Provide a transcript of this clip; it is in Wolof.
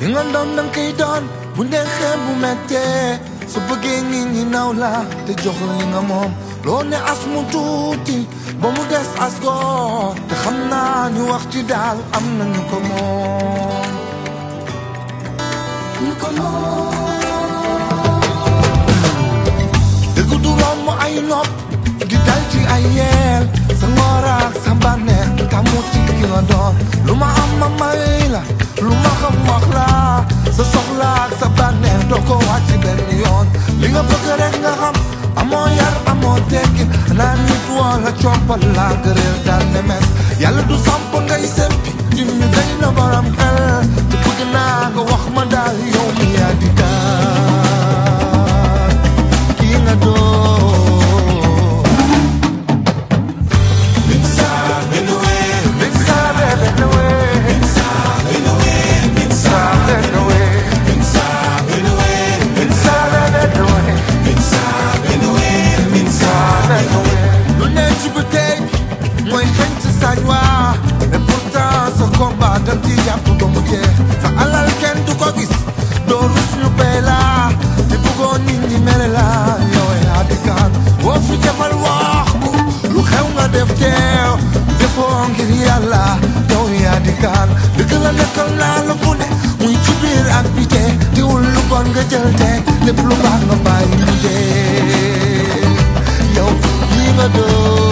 li nga doon danga koy doon bu neexee bu mettee su bëggee nit ñi naw la te jox la li nga moom loo ne as mu tuuti ba mu des as goor te xam naa ñu wax ci daal am na ñu ko moom ñu ko moom dëgg du romb ay nopp di dal ci ay sa ngoor ak tamu ci ki doon lu ma am ma may ko wàcc benn yoon li nga bëgg rek nga xam amoo yar amoo tekki naan nit wala coppal laa gëreel daal ne mes yàlla du samp ngay sempi jim mi na borom xel kaan dëgg la nekkal naa la fu ne muy ci biir ak bitee diwul lu bon nga jël tee lépp lu baax nga bàyyi dee yow lii nga doon